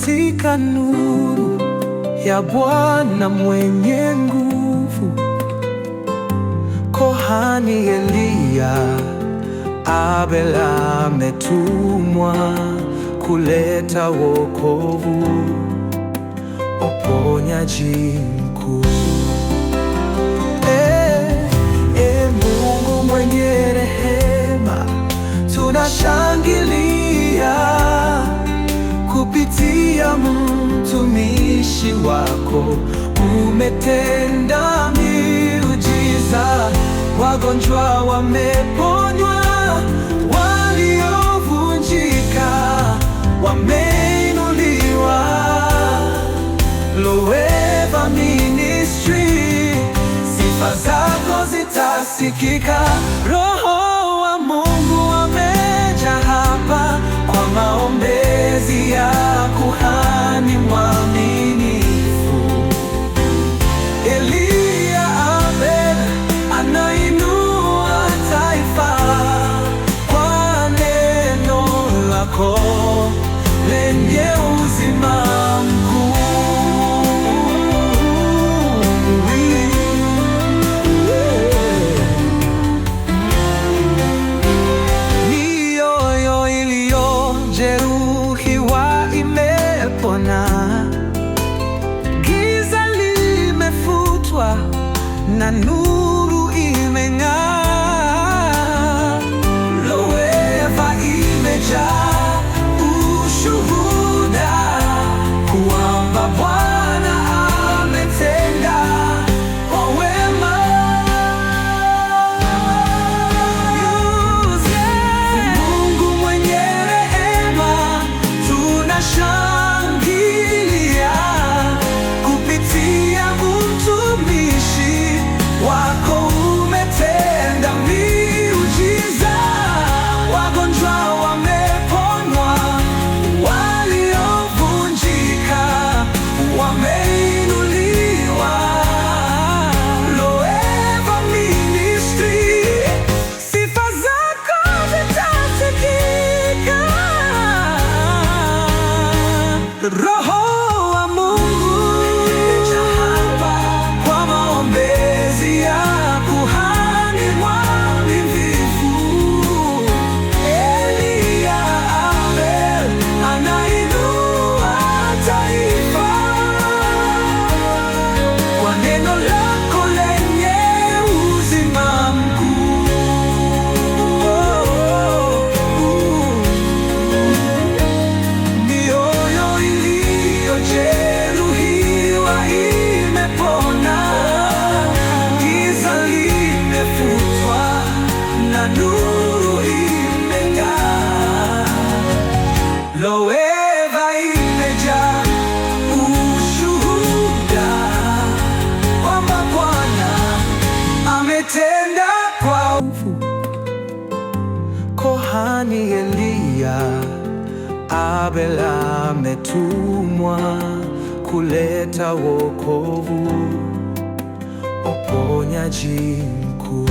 katika nuru ya Bwana mwenye nguvu. Kohani Eliya Abel ametumwa kuleta wokovu, uponyaji mkuu. Hey, ee, hey, ee, Mungu mwenye rehema tunashangilia ya mtumishi wako, umetenda miujiza, wagonjwa wameponywa, waliovunjika wameinuliwa. Loeva Ministry, sifa zako zitasikika. Roho wa Mungu wameja hapa kwa maombezi yao. I knew umetumwa kuleta wokovu, uponyaji mkuu.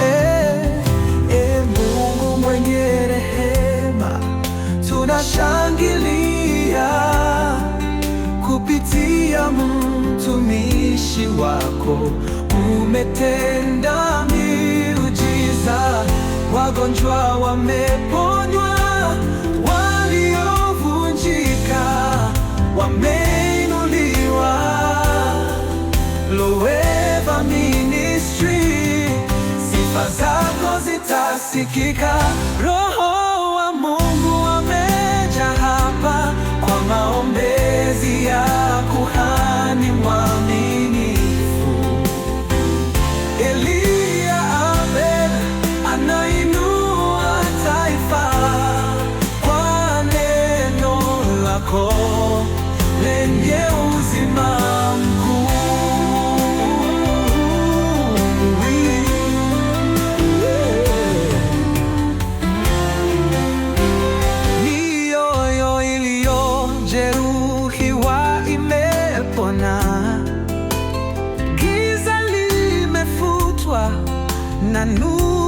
Hey, eh, eh, hey, Mungu mwenye rehema, tunashangilia kupitia mtumishi wako, umetenda miujiza, wagonjwa wameponywa Sikika, Roho wa Mungu ameja hapa kwa maombezi ya kuhani mwaminifu Eliya Abel anainua taifa kwa neno lako lenye uzima kuona. Giza limefutwa na nuru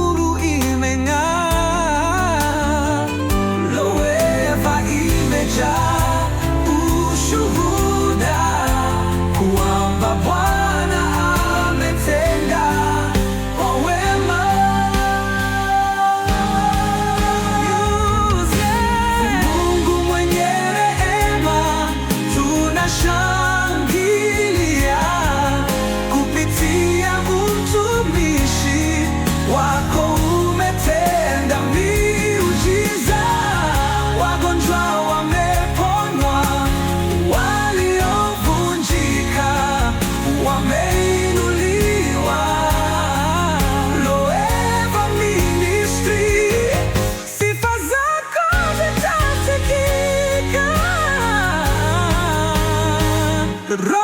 the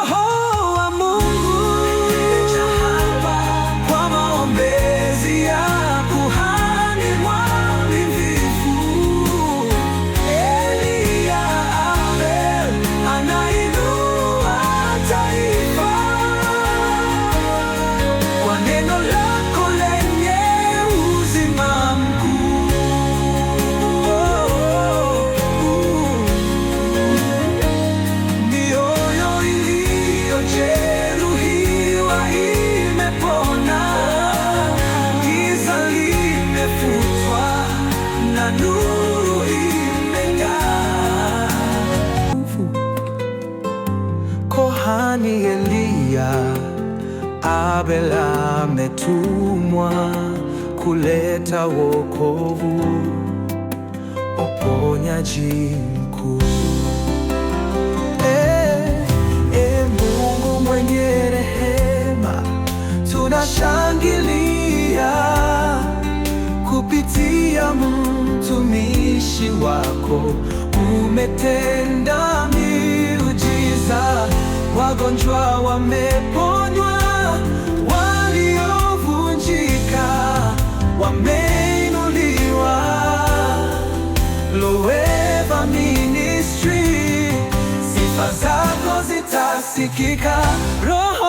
Kuhani Eliya, Abel ametumwa kuleta wokovu, uponyaji mkuu. E, e, Mungu mwenye rehema, tunashangilia kupitia mtumishi wako, umetenda wagonjwa wameponywa, waliovunjika wameinuliwa. Loeva Ministry, sifa zako zitasikika Roho